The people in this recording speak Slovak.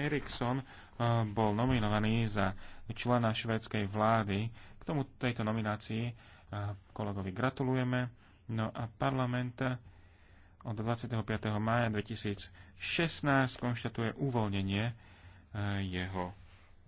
Eriksson eh, bol nominovaný za člena švédskej vlády. K tomu tejto nominácii eh, kolegovi gratulujeme. No a parlament eh, od 25. mája 2016 konštatuje uvoľnenie jeho